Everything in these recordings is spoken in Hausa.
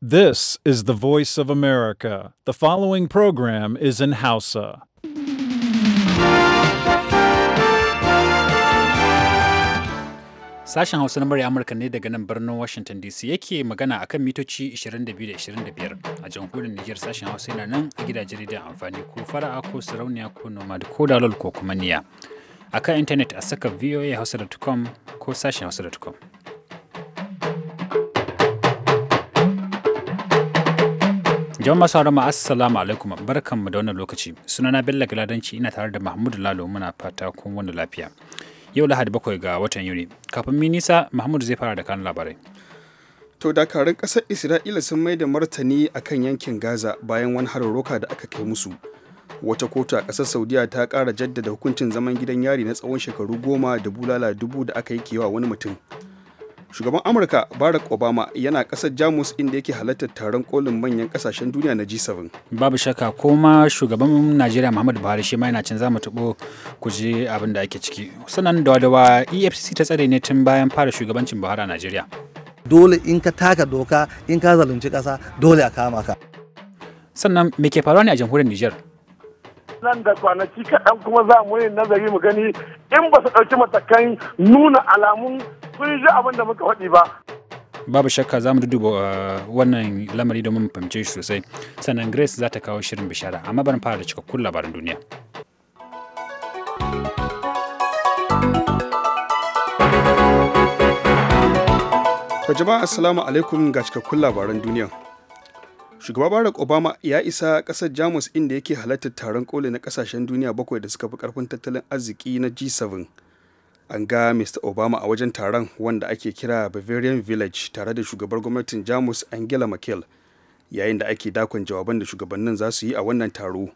This is the voice of America. The following program is in Hausa. Sashen Hausa na murya Amurka ne daga nan birnin Washington DC yake magana akan mitoci 22-25 a jamhuriyar Nijar sashen Hausa yana nan a gidajen rediyon amfani ko fara'a ko sarauniya ko nomad ko dalol ko kuma niya. A kan intanet a saka voahausa.com ko sashen hausa.com. Jama'a sauran ma assalamu alaikum barkanmu da wannan lokaci. Sunana Bello Galadanci ina tare da Mahmud Lalo muna fata kun wani lafiya. Yau Lahadi bakwai ga watan Yuni. Kafin mi nisa Mahmud zai fara da kan labarai. To dakarun ƙasar Isra'ila sun mai da martani akan yankin Gaza bayan wani hararroka da aka kai musu. Wata kotu a kasar Saudiya ta ƙara jaddada hukuncin zaman gidan yari na tsawon shekaru goma da bulala dubu da aka yi kewa wani mutum. shugaban amurka barack obama yana kasar jamus inda yake halartar taron kolin manyan kasashen duniya na g7 babu shakka kuma shugaban najeriya muhammadu buhari shi ma yana can zama taɓo ku je abin da ake ciki sannan da wadawa efcc ta tsare ne tun bayan fara shugabancin buhari a najeriya dole in ka taka doka in ka zalunci kasa dole a kama ka sannan me ke faruwa ne a jamhuriyar niger nan da kwanaki kaɗan kuma za mu yi nazari mu gani in ba su ɗauki matakan nuna alamun sun ji abin da muka faɗi ba. Babu shakka za mu duduba uh, wannan lamari domin mu fahimce shi sosai. Sannan Grace za ta kawo shirin bishara, amma bari fara da cikakkun labaran duniya. To jama'a assalamu alaikum ga cikakkun labaran duniya. shugaba barack obama ya isa kasar jamus inda yake halartar taron koli na kasashen duniya bakwai da suka fi karfin tattalin arziki na g7 an ga mr obama a wajen taron wanda ake kira bavarian village tare da shugabar gwamnatin jamus angela merkel yayin da ake dakon jawaban da shugabannin za su yi a wannan taro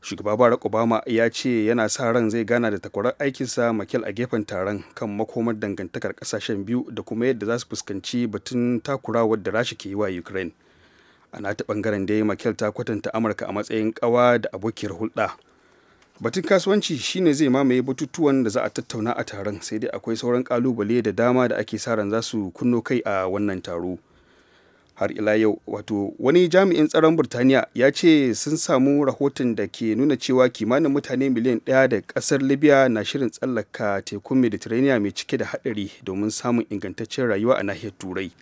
shugaba barack obama ya ce yana sa ran zai gana da takwarar aikinsa merkel a gefen taron kan makomar dangantakar kasashen biyu da kuma yadda za su fuskanci batun takurawar da rasha ke yi wa ukraine a nata bangaren dai makel ta kwatanta amurka a matsayin kawa da abokiyar hulɗa batun kasuwanci shine zai mamaye batutuwan da za a tattauna a taron sai dai akwai sauran kalubale da dama da ake sa ran za su kunno kai a wannan taro har ila yau wato wani jami'in tsaron burtaniya ya ce sun samu rahoton da ke nuna cewa kimanin mutane miliyan ɗaya da kasar libya na shirin tsallaka tekun mediterranean mai cike da haɗari domin samun ingantaccen rayuwa a nahiyar turai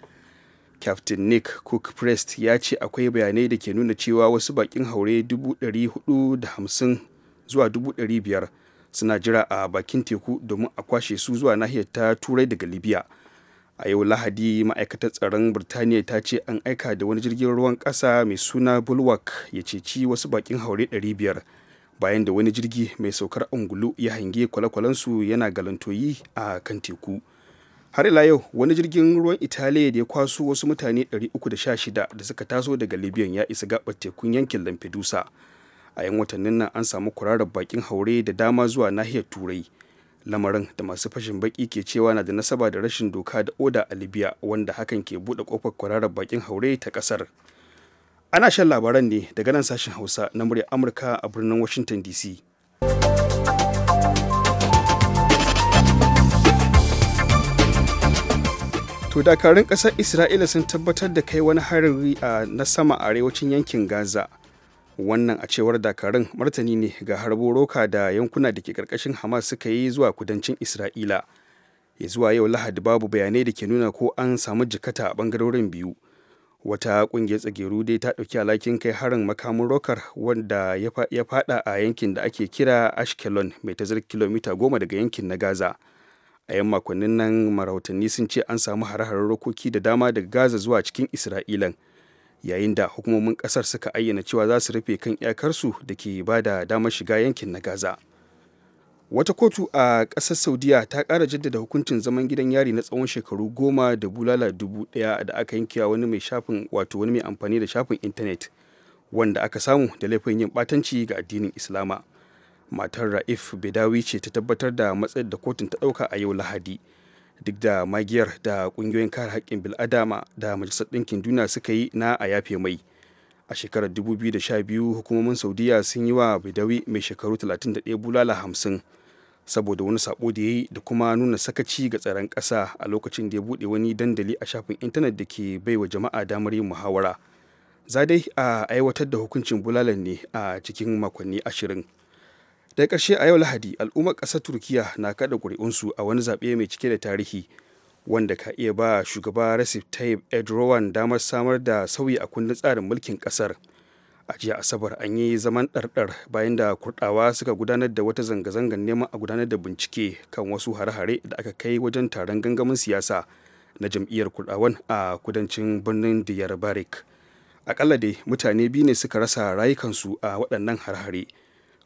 Captain Nick Cook Prest ya ce akwai bayanai da ke nuna cewa wasu bakin haure 450 zuwa 500 suna jira a bakin teku domin a kwashe su zuwa nahiyar ta turai daga Libya. A yau Lahadi ma'aikatar tsaron Birtaniya ta ce an aika da wani jirgin ruwan ƙasa mai suna Bulwark ya ceci wasu bakin haure 500 bayan da wani jirgi mai saukar ungulu ya hange kwale-kwalensu yana galantoyi a kan teku. har ila yau wani jirgin ruwan italiya da ya kwaso wasu mutane 316 da suka taso daga libyan ya isa gabar tekun yankin lampedusa a yan watannin nan an samu kurarar bakin haure da dama zuwa nahiyar turai lamarin da masu fashin baki ke cewa na da nasaba da rashin doka da oda a libya wanda hakan ke buɗe kofar kurarar bakin haure ta ƙasar ana shan labaran ne daga nan sashen hausa na murya amurka a birnin washington dc to dakarun ƙasar isra'ila sun tabbatar da kai wani harin na sama a arewacin yankin gaza wannan a cewar dakarun martani ne ga harbo roka da yankuna da ke karkashin hamas suka yi zuwa kudancin isra'ila ya zuwa yau lahadi babu bayanai da ke nuna ko an samu jikata a bangarorin biyu wata kungiyar tsageru dai ta ɗauki alakin kai harin makamin rokar wanda ya fada a yankin da ake kira ashkelon mai tazar kilomita goma daga yankin na gaza a yan makonnin nan marautanni sun ce an samu hare-haren rokoki da dama daga gaza zuwa cikin isra'ilan yayin da hukumomin kasar suka ayyana cewa za su rufe kan iyakarsu da ke ba da damar shiga yankin na gaza wata kotu a ƙasar saudiya ta ƙara jaddada hukuncin zaman gidan yari na tsawon shekaru goma da bulala dubu ɗaya da aka yankewa wani mai shafin wato wani mai amfani da shafin intanet wanda aka samu da laifin yin ɓatanci ga addinin islama matar ra'if Bidawi ce ta tabbatar da matsayin da kotun ta ɗauka a yau lahadi duk da magiyar da ƙungiyoyin kare haƙƙin bil'adama da majalisar ɗinkin duniya suka yi na a yafe mai a shekarar 2012 hukumomin saudiya sun yi wa Bidawi mai shekaru 31 bulala hamsin, saboda wani sabo da ya yi da kuma nuna sakaci ga tsaron ƙasa a lokacin da ya buɗe wani dandali a shafin intanet da ke bai wa jama'a damar yin muhawara zadai a aiwatar da hukuncin bulalan ne a cikin makonni ashirin da ƙarshe a yau lahadi al'ummar ƙasar turkiya na kada ƙuri'unsu a wani zaɓe mai cike da tarihi wanda ka iya ba shugaba recep tayyip erdogan damar samar da sauyi a kundin tsarin mulkin ƙasar a jiya asabar an yi zaman ɗarɗar bayan da kurɗawa suka gudanar da wata zanga-zangar neman a gudanar da bincike kan wasu hare-hare da aka kai wajen taron gangamin siyasa na jam'iyyar kurɗawan a kudancin birnin diyar barik akalla dai mutane biyu ne suka rasa rayukansu a waɗannan hare-hare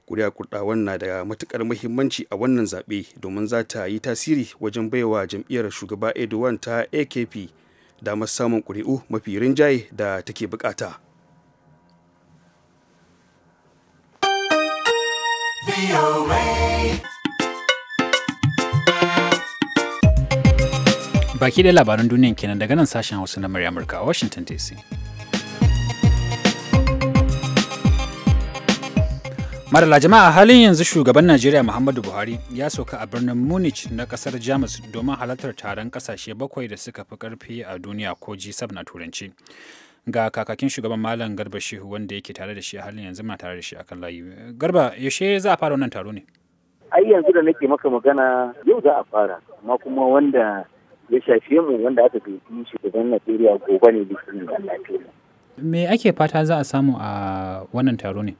kuri'a kurdawan na da matukar muhimmanci a wannan zaɓe domin za ta yi tasiri wajen baiwa jam'iyyar shugaba edouard ta akp damar samun kuri'u mafi rinjaye da take bukata baki da labaran duniyan kenan daga nan sashen hausa na murya amurka a washington dc marala jama'a halin yanzu shugaban Najeriya Muhammadu Buhari ya sauka a birnin Munich na kasar Jamus domin halartar taron kasashe bakwai da suka fi karfi a duniya ko G7 na turanci. Ga kakakin shugaban Malam Garba Shehu wanda yake tare da shi a halin yanzu muna tare da shi akan layi. Garba yaushe za a fara wannan taro ne? Ai yanzu da nake maka magana yau za a fara amma kuma wanda ya shafe mu wanda aka gaji shugaban Najeriya gobe ne da shi ne Me ake fata za a samu a wannan taro ne?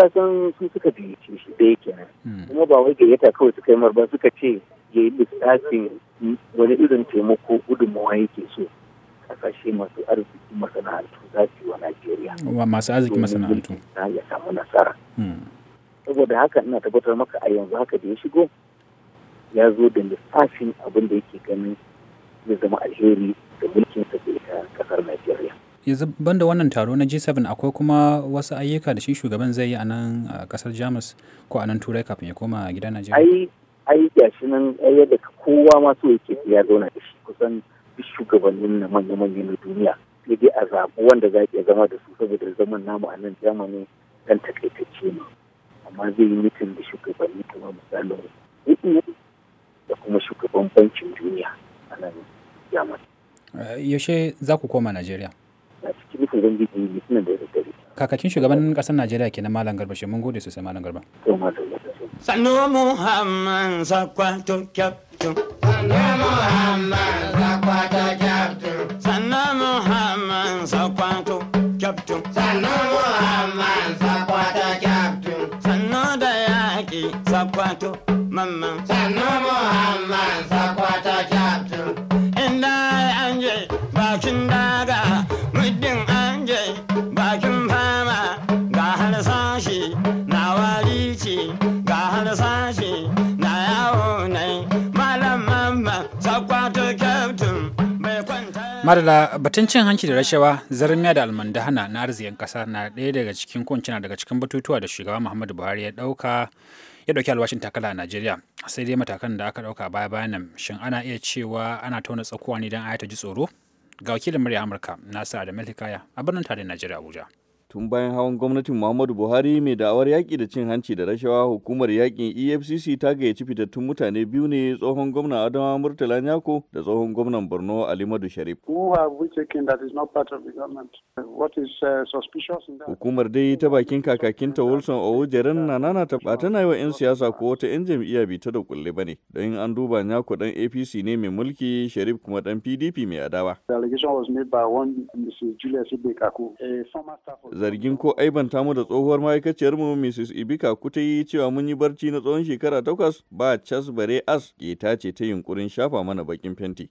kasan su suka gayyace shi da yake nan hmm. kuma ba wai gayyata kawai suka yi marba suka ce ya yi lissafin wani irin taimako gudunmawa yake so kasashe masu arziki masana'antu za su yi wa Najeriya. Wa masu arziki masana'antu. na Ya samu nasara. Hmm. Saboda haka ina tabbatar maka a yanzu haka da ya shigo ya zo da lissafin abin da yake ganin zai zama alheri da mulkin sa ke kasar Najeriya. yanzu da wannan taro na G7 akwai kuma wasu ayyuka da shi shugaban zai yi a nan a kasar Jamus ko a nan Turai kafin ya koma gida Najeriya. Ai ai gashi nan yadda kowa ma so yake ya zauna da shi kusan shugabannin na manya-manya na duniya sai dai a zaɓi wanda za ya zama da su saboda zaman namu a nan Germany dan takaitacce ne amma zai yi mitin da shugabanni kamar misali da kuma shugaban bankin duniya a nan jamani. yaushe za ku koma Najeriya? ubangiji suna da dare kakakin shugaban ƙasar najeriya kenan malam garba shi mun gode sosai malam garba sanu muhammad zakwato kyaftu sanu muhammad zakwato kyaftu sanu muhammad zakwato kyaftu sanu muhammad zakwato kyaftu sanu da yaƙi zakwato mamman madala batun cin hanci da rashawa zarmiya da almanda hana na arzikin kasa na ɗaya daga cikin kuncina daga cikin batutuwa da shugaba muhammadu buhari ya ɗauka ya ɗauki alwashin takala a najeriya sai dai matakan da aka ɗauka baya bayan nan shin ana iya cewa ana tauna tsakuwa ne don ta ji tsoro ga wakilin murya amurka nasa da malika a birnin tare najeriya abuja tun bayan hawan gwamnatin Muhammadu Buhari mai da'awar yaƙi da cin hanci da rashawa hukumar yaƙin EFCC ta gayyaci fitattun mutane biyu ne tsohon gwamna Adama Murtala Nyako da tsohon gwamnan Borno Alimadu Sharif. Uh, hukumar dai ta bakin kakakinta Wilson Owojeren na nana ta ba tana yi wa 'yan siyasa ko wata 'yan jam'iyya bi ta da kulle ba ne don yin an duba Nyako dan APC ne mai mulki Sharif kuma dan PDP mai adawa. zargin ko aibanta mu da tsohuwar ma'aikaciyar mu Mrs. Ibika Kutai cewa mun yi barci na tsawon shekara takwas ba cas bare as ke tace ta yunkurin shafa mana bakin fenti.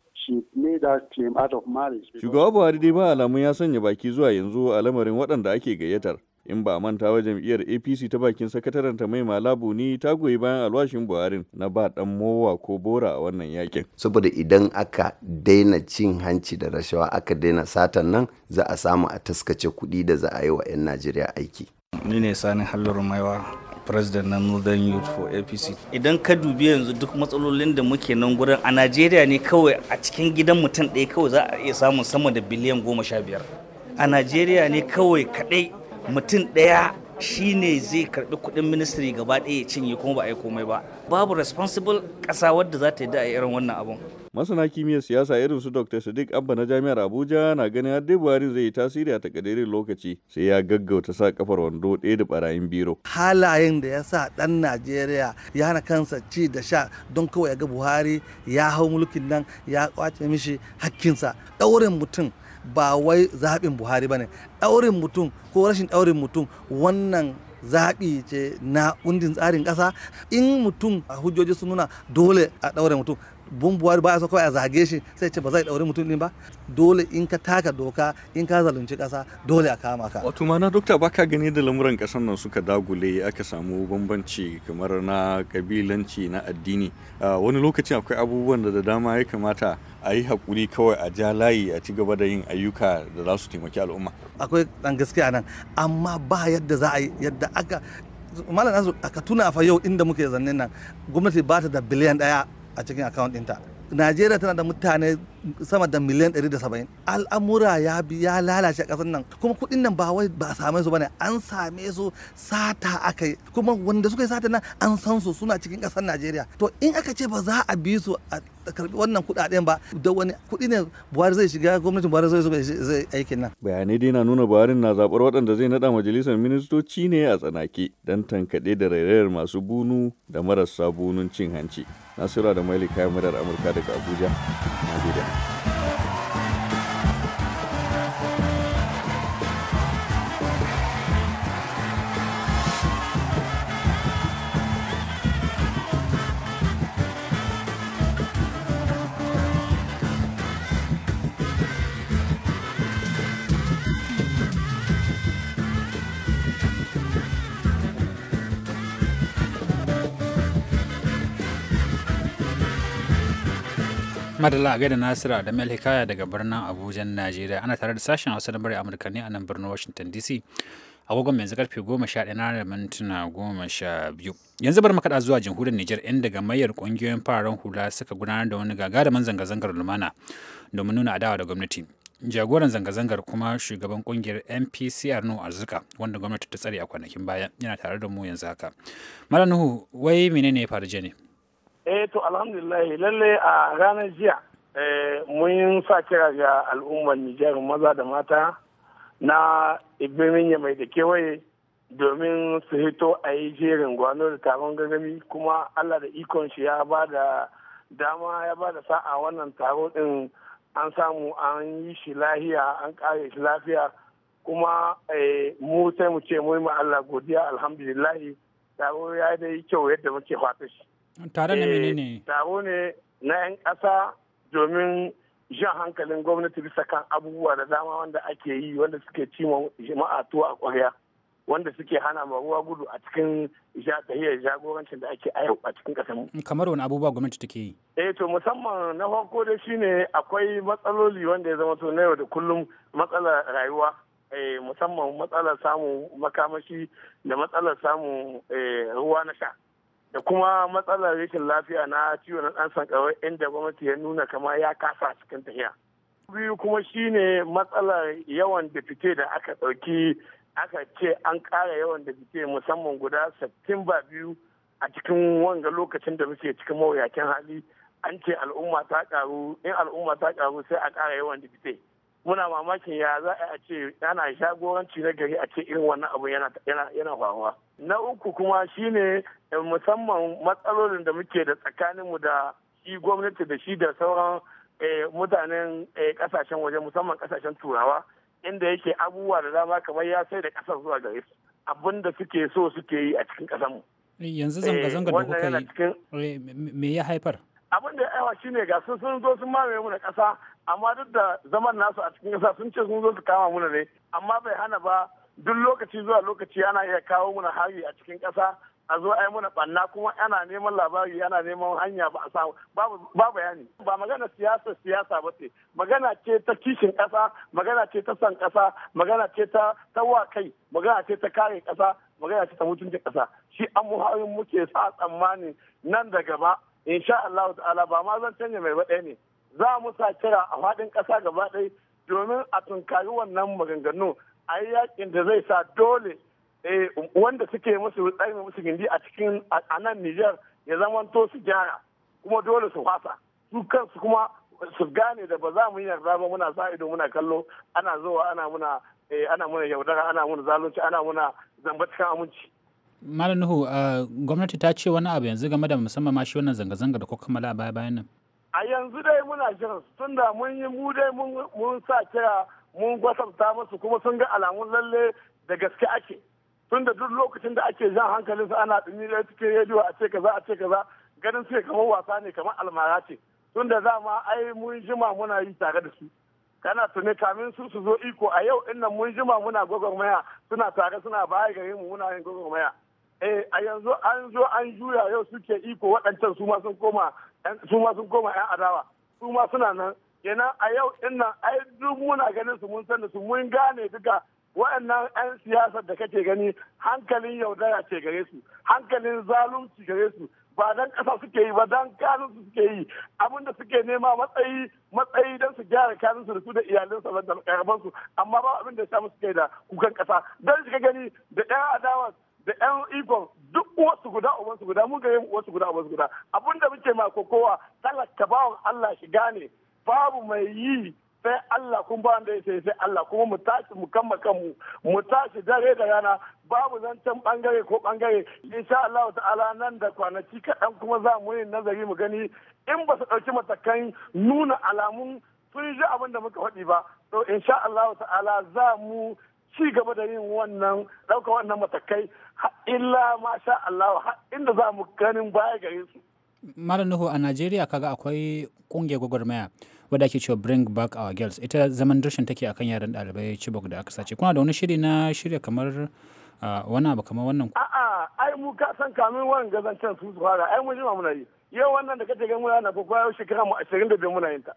Shugaba Buhari dai ba alamun ya sanya baki zuwa yanzu a lamarin waɗanda ake gayyatar in ba manta wa jam'iyyar apc ta bakin sakataren ta mai malabu ni ta goyi bayan alwashin buhari na ba dan mowa ko bora a wannan yakin saboda idan aka daina cin hanci da rashawa aka daina satan nan za a samu a taskace kuɗi da za a yi wa 'yan najeriya aiki ni ne sani hallar maiwa president na northern youth for apc idan ka dubi yanzu duk matsalolin da muke nan gurin a najeriya ne kawai a cikin gidan mutum ɗaya kawai za a iya samun sama da biliyan goma sha biyar a najeriya ne kawai kaɗai mutum ɗaya shi ne zai karbi kuɗin ministry gaba ɗaya ya cinye kuma ba a yi komai ba babu responsible ƙasa wadda za ta yi da a irin wannan abun masana kimiyyar siyasa irin su dr sadiq abba na jami'ar abuja na ganin har dai buhari zai yi tasiri a takaddarin lokaci sai ya gaggauta sa kafar wando ɗaya da barayin biro halayen da ya sa ɗan najeriya ya hana kansa ci da sha don kawai ya ga buhari ya hau mulkin nan ya kwace mishi hakkinsa ɗaurin mutum ba wai zaɓin buhari ba ne ɗaurin mutum ko rashin ɗaurin mutum wannan zaɓi ce na kundin tsarin ƙasa in mutum a hujjoji sun nuna dole a ɗaure mutum bun buwari ba a kawai a zage shi sai ce ba zai ɗauri mutum ba dole in ka taka doka in ka zalunci ƙasa dole a kama ka wato mana dokta baka gani da lamuran kasan nan suka dagule aka samu bambanci kamar na kabilanci na addini wani lokacin akwai abubuwan da da dama ya kamata a yi haƙuri kawai a ja layi a ci gaba da yin ayyuka da za su taimaki al'umma akwai ɗan gaskiya nan amma ba yadda za a yi yadda aka malam nasu aka tuna fa yau inda muke zanne nan gwamnati ba ta da biliyan daya a cikin account ɗinta najeriya tana da mutane sama da miliyan 170 al'amura ya bi ya lalace kasar nan kuma kudin nan ba wai ba same su bane an same su sata aka yi kuma wanda suka yi sata nan an san su suna cikin kasar Najeriya to in aka ce ba za a bi su a karbi wannan kuɗaɗen ba da wani kuɗi ne Buhari zai shiga gwamnatin Buhari zai zai aikin nan bayanai dai na nuna Buhari na zabar wadanda zai nada majalisar ministoci ne a tsanake dan tankade da rairayar masu bunu da marasa bunun cin hanci Nasira da Maili kayan murar Amurka daga Abuja. na gida Bye. Madalla a gaida Nasira da Mel Hikaya daga birnin Abuja, Najeriya. Ana tare da sashen Hausa na bari Amurka ne a nan birnin Washington DC. agogon yanzu karfe goma sha ɗaya na mintuna goma sha biyu yanzu bar makaɗa zuwa jamhuriyar Nijar inda mayar ƙungiyoyin fararen hula suka gudanar da wani gagarumin zanga-zangar lumana domin nuna adawa da gwamnati jagoran zanga-zangar kuma shugaban kungiyar npc arno arzuka wanda gwamnati ta tsare a kwanakin baya yana tare da mu yanzu haka malam nuhu wai menene ya faru ne eh to alhamdulillah lalle a ranar jiya eh, mun sa kira ga al'ummar nijar maza da mata na ibirnin mai da kewaye domin su hito a yi jerin gwano da taron gangami kuma allah da ikon shi ya ba da dama ya ba da sa'a wannan taro din an samu an yi shi lahiya an kare shi lafiya kuma eh, mu sai mu ce mu yi ma allah godiya alhamdulillahi taro ya yi kyau yadda muke fata shi tare na eh, menene? Taro ne na 'yan ƙasa domin jan hankalin gwamnati bisa kan abubuwa da dama wanda ake yi wanda suke cima jama'a tuwa a ƙwarya wanda suke hana ma ruwa gudu a cikin tahiyar jagorancin da ake ayo a cikin ƙasar kamar wani abubuwa gwamnati take yi eh to musamman na farko da shine akwai matsaloli wanda ya zama to na yau da kullum matsalar rayuwa eh, musamman matsalar samun makamashi da matsalar samun eh, ruwa na sha da kuma matsalar rashin lafiya na ciwon na ɗan sankarar inda gwamnati ya nuna kama ya kasa cikin tafiya. biyu kuma shine matsalar yawan da fice da aka ɗauki aka ce an ƙara yawan da fice musamman guda ba biyu a cikin wanga lokacin da muke cikin mawuyacin hali an ce al'umma ta ƙaru in al'umma ta ƙaru sai a ƙara yawan da fice muna mamakin ya za a ce ana shagoranci na gari a ce irin wannan abu yana faruwa na uku kuma shine eh, musamman matsalolin da muke da tsakaninmu da shi gwamnati da shi da sauran eh, mutanen kasashen eh, waje musamman kasashen turawa inda yake abubuwa da dama kamar ya sai da kasar zuwa gare su abin da suke so suke yi a cikin kasanmu. yanzu zanga zanga da kuka yi me ya haifar abin da yawa shine ga sun sun zo sun mamaye mu da ƙasa amma duk da zaman nasu a cikin ƙasa sun ce sun zo su kama muna ne amma bai hana ba duk lokaci zuwa lokaci ana iya kawo muna hari a cikin kasa a zo ai muna banna kuma ana neman labari ana neman hanya ba a samu ba bayani ba magana siyasa siyasa ba ce magana ce ta kishin kasa magana ce ta san ƙasa magana ce ta tawa kai magana ce ta kare kasa magana ce ta mutuncin kasa shi an muharin muke sa tsammani nan da gaba insha Allah ta'ala ba ma zan canja mai ɗaya ne za mu sa kira a faɗin ƙasa gaba ɗaya domin a tunkari wannan maganganu a yi yakin da zai sa dole eh, wanda suke musu tsaye musu gindi a cikin a nan Nijar ya to su gyara kuma dole su fasa su kansu kuma su gane da ba za mu yi yarda ba muna sa ido muna kallo ana zuwa ana muna eh, ana muna yaudara ana muna zalunci ana muna zamba cikin aminci Malam Nuhu ah, gwamnati ta ce wani abu yanzu game da musamman ma shi wannan zanga-zanga da kuka kammala a baya-bayan nan. a yanzu dai muna jiran tunda mun yi mu dai mun sa kira mun gwasabta musu kuma sun ga alamun lalle da gaske ake tunda duk lokacin da ake jan su ana dumi da cikin rediyo a ce kaza a ce kaza ganin sai kamar wasa ne kamar almara ce tunda za ma ai mun jima muna yi tare da su kana tuni kamin su su zo iko a yau ina mun jima muna gwagwarmaya suna tare suna baya gare mu muna yin gwagwarmaya eh a yanzu an zo an juya yau suke iko waɗancan su ma sun koma su ma sun koma 'yan adawa su ma suna nan yana a yau ina nan ai duk muna ganin su mun san da su mun gane duka waɗannan 'yan siyasar da kake gani hankalin yaudara ce gare su hankalin zalunci gare su ba dan ƙasa suke yi ba dan kanun su suke yi abin da suke nema matsayi matsayi dan su gyara kanun su da su da iyalin su da karaban su amma ba abin da ya samu suke da kukan kasa dan shi gani da 'yan adawa da yan ikon duk wasu guda wasu guda mun ga wasu guda wasu guda abinda da muke ma kowa talaka bawan Allah shi gane babu mai yi sai Allah kun ba da sai sai Allah kuma mu tashi mu kama kanmu mu tashi dare da rana babu zancen bangare ko bangare insha Allah ta'ala nan da kwanaki kaɗan kuma za mu yi nazari mu gani in ba su ɗauki matakan nuna alamun sun ji abin da muka faɗi ba to insha Allah ta'ala za mu ci gaba da yin wannan ɗauka wannan matakai illa masha Allah inda za mu ganin baya gare su. Malam Nuhu a Najeriya kaga akwai kungiyar gwagwarmaya wadda ake cewa Bring Back Our Girls ita zaman dirshin take akan yaran ɗalibai Chibok da aka sace. Kuna da wani shiri na shirya kamar wani abu kamar wannan? A'a, ai mu ka san kamin wannan gazancen su su fara, ai mu jima muna yi. Yau wannan da kace ga muna na ko yau shekara mu biyu muna yin ta.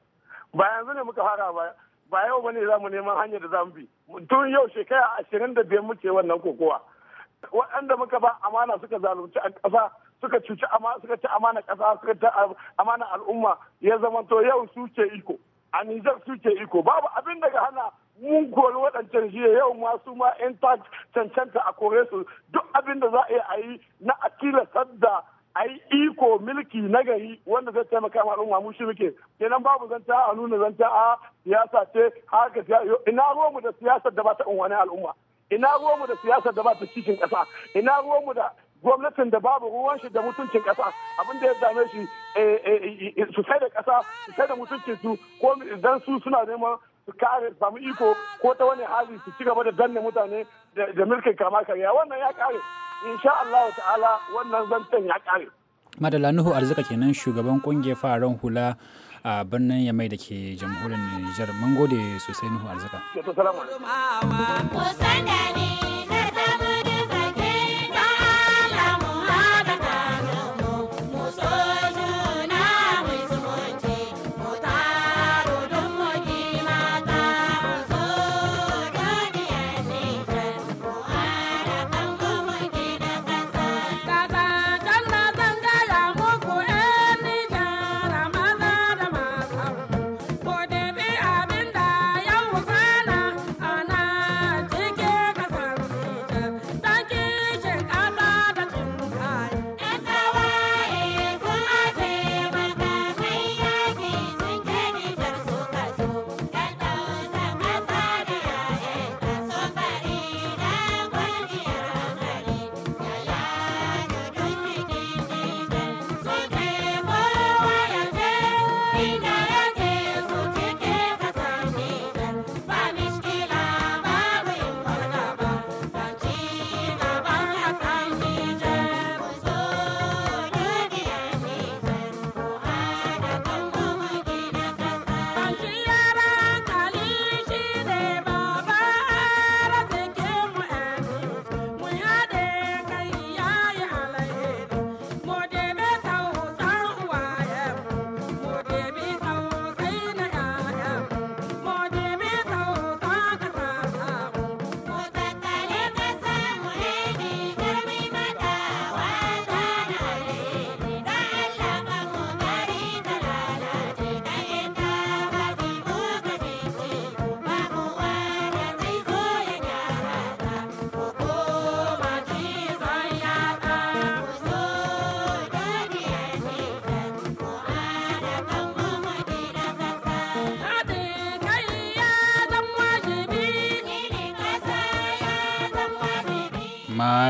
Ba yanzu ne muka fara ba. ba yau bane za mu neman hanyar da za mu bi tun yau shekara ashirin da biyar muke wannan kokowa waɗanda muka ba amana suka zalunci a ƙasa suka cuci amana suka ci amana ƙasa suka ci amana al'umma ya zama zamanto yau su ke iko a Nijar su ke iko babu abin daga hana mun kori waɗancan jiya yau ma su ma in ta cancanta a kore su duk abin da za a yi na a tilastar ai iko milki na gari wanda zai taimaka ma al'umma mu shi muke kenan babu zanta a nuna zanta a siyasa ce har ka ina mu da siyasar da ba ta unwani al'umma ina mu da siyasar da ba ta cikin kasa ina mu da gwamnatin da babu ruwan shi da mutuncin kasa abin da ya dame shi eh, eh, eh, su sai da kasa su sai da mutuncin su ko dan su suna neman su kare samu iko ko ta wani hali su ci gaba da danne mutane da mulkin kama karya wannan ya kare insha Allah ta'ala wannan zancen ya kare madala nuhu arzika kenan shugaban kungiyar fararen hula a birnin yamai da ke jamhuriyar nijar mun gode sosai nuhu arzika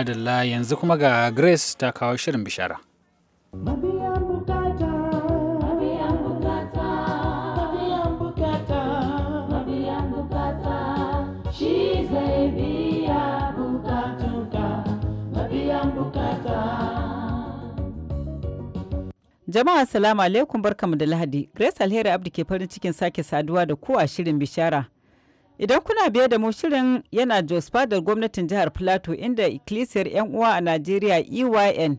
madalla yanzu kuma ga grace ta kawo shirin bishara Jama'a salamu alaikum barkamu da Lahadi. Grace Alheri Abdi ke farin cikin sake saduwa da ku a shirin bishara. Idan kuna biye da mu shirin yana Jos Fadar gwamnatin jihar Plateau inda ikkilisiyar 'yan uwa a Najeriya EYN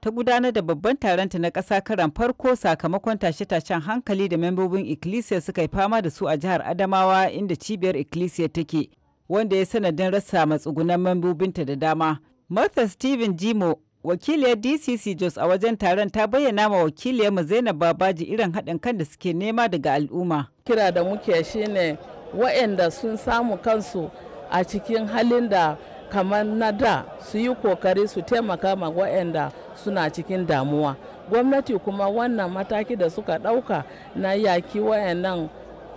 ta gudanar da babban taronta na ƙasa karan farko sakamakon tashe-tashen hankali da membobin ikkilisiyar suka yi fama da su a jihar Adamawa inda cibiyar ikkilisiyar take wanda ya sanadin rasa matsugunan membobinta da dama. Martha Steven Jimo wakiliyar DCC Jos a wajen taron ta bayyana ma wakiliyar mu Zainab Babaji irin haɗin kan da suke nema daga al'umma. Kira da muke shine waɗanda sun samu kansu a cikin halin da kamar na da su yi kokari su taimaka ma waɗanda suna cikin damuwa gwamnati kuma wannan mataki da suka ɗauka na yaki waɗannan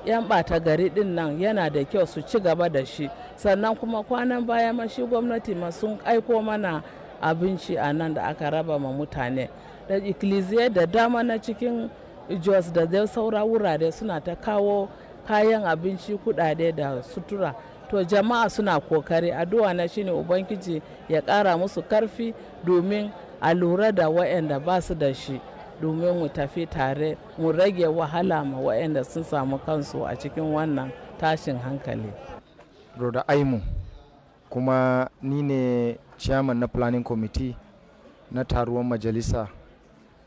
'yan ɓata gari ɗin nan yana da kyau su ci gaba da shi sannan kuma kwanan baya ma shi gwamnati ma sun aiko mana abinci a nan da aka raba ma mutane da da dama na cikin jos da dai saura wurare suna ta kawo kayan abinci kudade da sutura to jama'a suna kokari addu'a na shine ubangiji ya kara musu karfi domin a lura da waɗanda ba su da shi domin mu tafi tare mu rage wahala ma waɗanda sun samu kansu a cikin wannan tashin hankali. Roda Aimu kuma ni ne chairman na planning committee na taruwan majalisa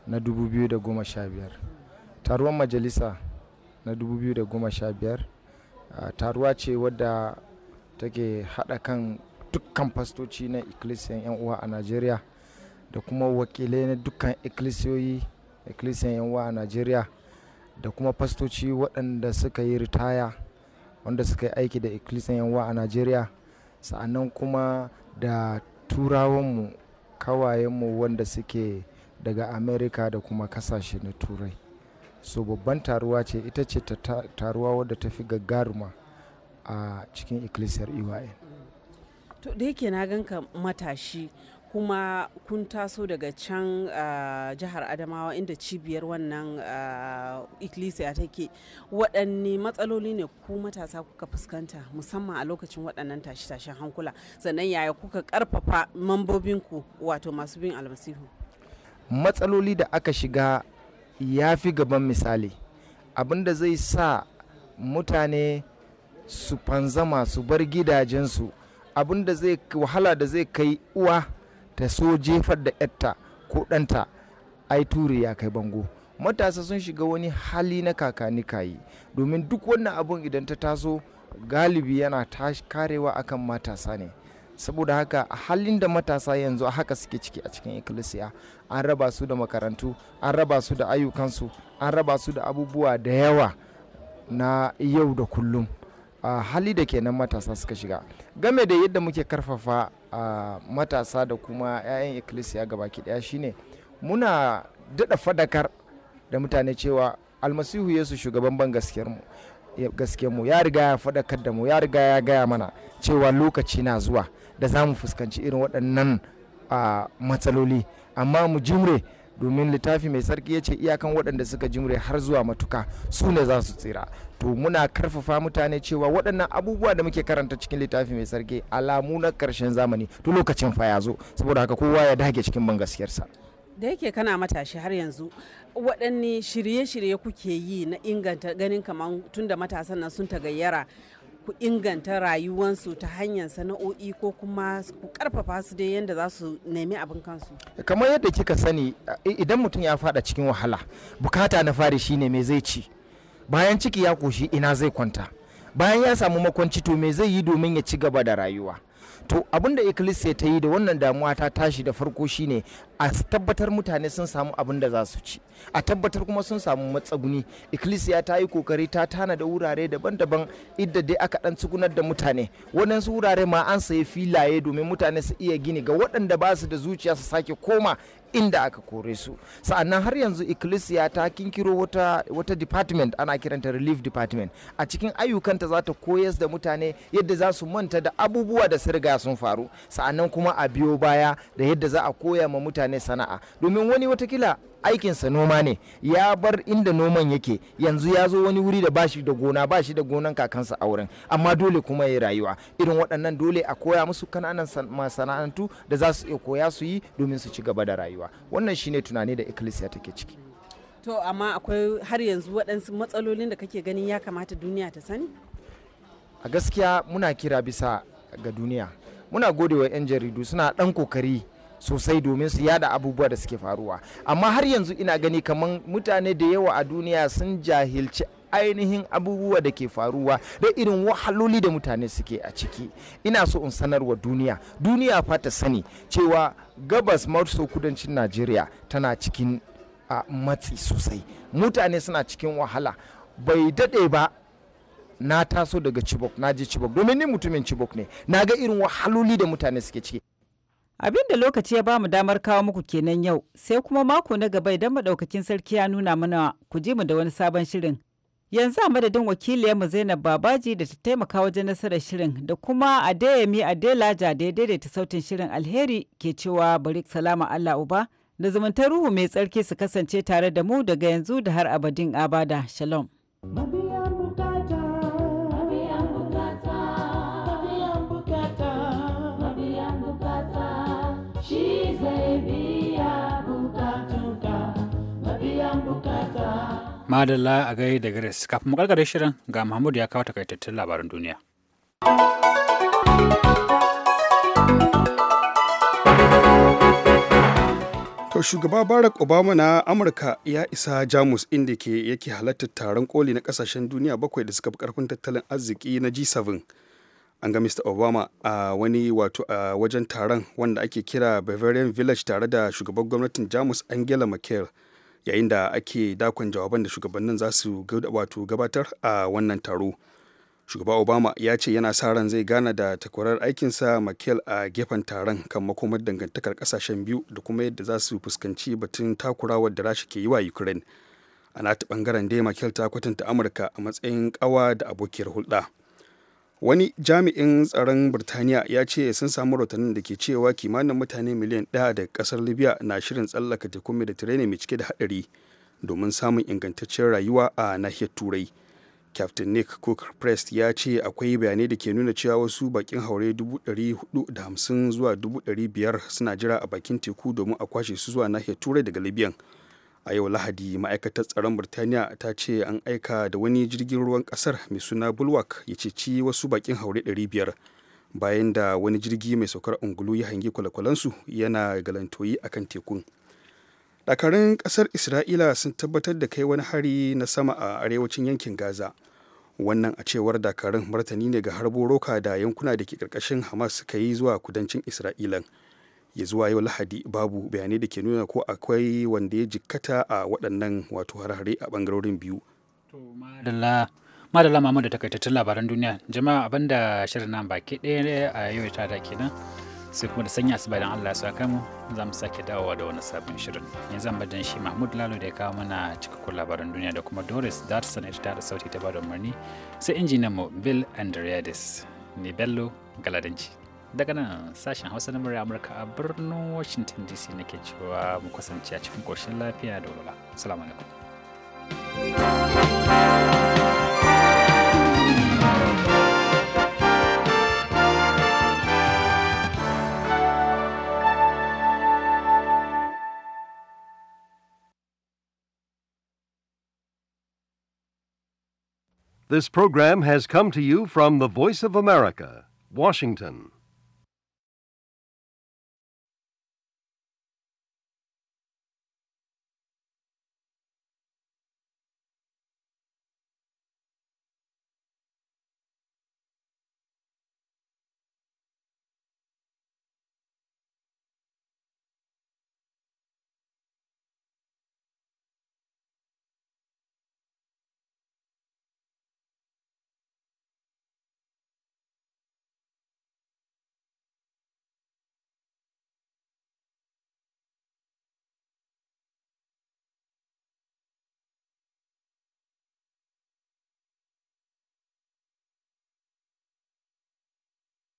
na 2015 taruwan majalisa na 2015 ah, taruwa ce wadda take haɗa kan dukkan fastoci na ikkilisiyan 'yan uwa a najeriya da kuma wakilai na dukkan ikkilisiyoyi ikkilisiyan 'yan uwa a najeriya da kuma fastoci waɗanda suka yi ritaya wanda suka yi aiki da ikkilisiyan 'yan uwa a najeriya sa'annan kuma da turawanmu kawayenmu wanda suke daga amerika da kuma kasashe na turai so babban taruwa ce ita ce ta taruwa wadda ta fi gagaruma a cikin ikkilisiyar iwayen e to da yake na ganka matashi kuma kun taso daga can jihar adamawa inda cibiyar wannan Ikilisiya ikkilisiya take waɗanne matsaloli ne ku matasa kuka fuskanta musamman a lokacin waɗannan tashe-tashen hankula sannan yaya kuka karfafa mambobinku wato masu bin almasihu matsaloli da aka shiga ya fi gaban misali abinda zai sa mutane su fanzama su bar gidajensu abinda zai wahala da zai kai uwa ta so jefar da yatta ko ɗanta ai ture ya kai bango matasa sun shiga wani hali na kakani kayi domin duk wannan abun idan ta taso galibi yana karewa akan matasa ne saboda haka a halin da matasa yanzu a haka suke ciki a cikin ikkilisiya an raba su da makarantu an raba su da ayyukansu an raba su da abubuwa da yawa na yau da kullum a hali da kenan matasa suka shiga game da yadda muke karfafa a matasa da kuma 'ya'yan ikkilisiya baki daya shine muna daɗa fadakar da mutane cewa almasihu yesu shugaban ban gaskiyarmu gaskiyarmu ya riga ya faɗakar da mu ya riga ya gaya mana cewa lokaci na zuwa da za mu fuskanci irin waɗannan matsaloli amma mu jimre domin littafi mai sarki ya ce iyakan waɗanda suka jimre har zuwa matuka su ne za su tsira to muna karfafa mutane cewa waɗannan abubuwa da muke karanta cikin littafi mai sarki alamu na ƙarshen zamani to lokacin fa ya zo saboda haka kowa ya dage cikin ban gaskiyarsa da yake kana matashi har yanzu waɗanne shirye-shirye kuke yi na inganta ganin kamar tunda matasan nan sun tagayyara ku inganta rayuwansu ta hanyar sana'o'i ko kuma ku karfafa su dai yadda za su nemi abin kansu kamar yadda kika sani idan mutum ya fada cikin wahala bukata na fari shine me zai ci bayan ciki ya koshi ina zai kwanta bayan ya samu makwanci to me zai yi domin ya ci gaba da rayuwa to abin da ikilisiya ta yi da wannan damuwa ta tashi da farko shine a tabbatar mutane sun samu abin da za su ci a tabbatar kuma sun samu matsaguni ikilisiya ta yi kokari ta tana da wurare daban-daban idda dai aka dan tsugunar da mutane waɗansu wurare ma an sayi filaye domin mutane su iya gini ga waɗanda ba su da zuciya su sake koma inda aka kore su sa'annan har yanzu ecclesia ta kinkiro wata, wata department ana kiranta relief department a cikin ayyukanta za ta koyas da mutane yadda za su manta da abubuwa da sirga sun faru sa'annan kuma a biyo baya da yadda za a koya ma mutane sana'a domin wani watakila aikinsa noma ne ya bar inda noman yake yanzu ya zo wani wuri da bashi da gona bashi da gonan kakansa a wurin amma dole kuma ya rayuwa irin waɗannan dole a koya musu kananan masana'antu da za su iya koya su yi domin su ci gaba da rayuwa wannan shine tunani da ikkilisiya take ciki to amma akwai har yanzu waɗansu matsalolin da kake ganin ya kamata duniya ta sani a gaskiya muna kira bisa ga duniya muna gode wa 'yan jaridu suna ɗan kokari sosai domin su yada abubuwa da suke faruwa amma har yanzu ina gani kamar mutane da yawa a duniya sun jahilci ainihin abubuwa da ke faruwa da irin wahaloli da mutane suke a ciki ina so in sanarwa duniya duniya fa ta sani cewa gabas maso kudancin najeriya tana cikin a matsi sosai mutane suna cikin wahala bai dade ba na taso daga chibok na je chibok domin ni mutumin chibok ne na ga irin wahaloli da mutane suke ciki Abin da lokaci ya bamu damar kawo muku kenan yau, sai kuma mako na gaba idan madaukakin sarki ya nuna mana ku ji mu da wani sabon shirin. Yanzu a madadin wakiliyarmu Zainab Babaji da ta taimaka wajen nasarar shirin da kuma Adeyemi Adelaja da ya daidaita sautin shirin alheri ke cewa bari salama Allah uba da zumunta ruhu mai tsarki su kasance tare da mu daga yanzu da har abadin abada. Shalom. Madalla a gai da Grace. Kafin makarkarar shirin ga Mahmud ya kawo takaitattun labaran duniya. To shugaba Barack Obama na Amurka ya isa Jamus inda ke yake halartar taron koli na kasashen duniya bakwai da suka fi karfin tattalin arziki na G7. An ga Mr. Obama a wani wato a wajen taron wanda ake kira Bavarian Village tare da shugaban gwamnatin Jamus Angela Merkel. yayin da ake dakon jawaban da shugabannin za su wato gabatar a wannan taro shugaba obama ya ce yana sa ran zai gana da takwarar aikinsa makel a gefen taron kan makomar dangantakar kasashen biyu da kuma yadda za su fuskanci batun takurawar da rasha ke yi wa ukraine a nata bangaren dai makel ta kwatanta amurka a matsayin kawa da abokiyar hulɗa wani jami'in tsaron birtaniya ya ce sun samu rahotannin da ke cewa kimanin mutane miliyan ɗaya da ƙasar libya na shirin tsallaka tekun mediterranean mai cike da haɗari domin samun ingantaccen rayuwa a nahiyar turai captain nick cook prest ya ce akwai bayanai da ke nuna cewa wasu bakin haure 450 zuwa 500 suna jira a bakin teku domin a kwashe su zuwa nahiyar turai daga libyan a yau lahadi ma'aikatar tsaron birtaniya ta ce an aika da wani jirgin ruwan kasar mai suna bulwark ya ceci wasu bakin haure 500 bayan da wani jirgi mai saukar ungulu ya hangi kwale-kwalensu yana galantoyi a kan tekun dakarun kasar isra'ila sun tabbatar da kai wani hari na sama a arewacin yankin gaza wannan a cewar dakarun martani ne ga harbo roka da yankuna da ke karkashin hamas suka yi zuwa kudancin isra'ilan ya zuwa yau lahadi babu bayanai da ke nuna ko akwai wanda ya jikkata a waɗannan wato harhare a ɓangarorin biyu madalla mamu da takaitattun labaran duniya jama'a abinda shirin nan baki ɗaya a yau ta da kenan sai kuma da sanya asuba don Allah ya saka mu za mu sake dawowa da wani sabon shirin yanzu zan bajan shi Mahmud Lalo da ya kawo mana cikakkun labaran duniya da kuma Doris Darson ita ta da sauti ta bada umarni sai injinan mu Bill Andreadis ne Bello Galadanci. daga nan sashen hausa na murya amurka a birnin washington dc cewa mu kasance a cikin lafiya da walwala salamu alaikum This program has come to you from the Voice of America, Washington.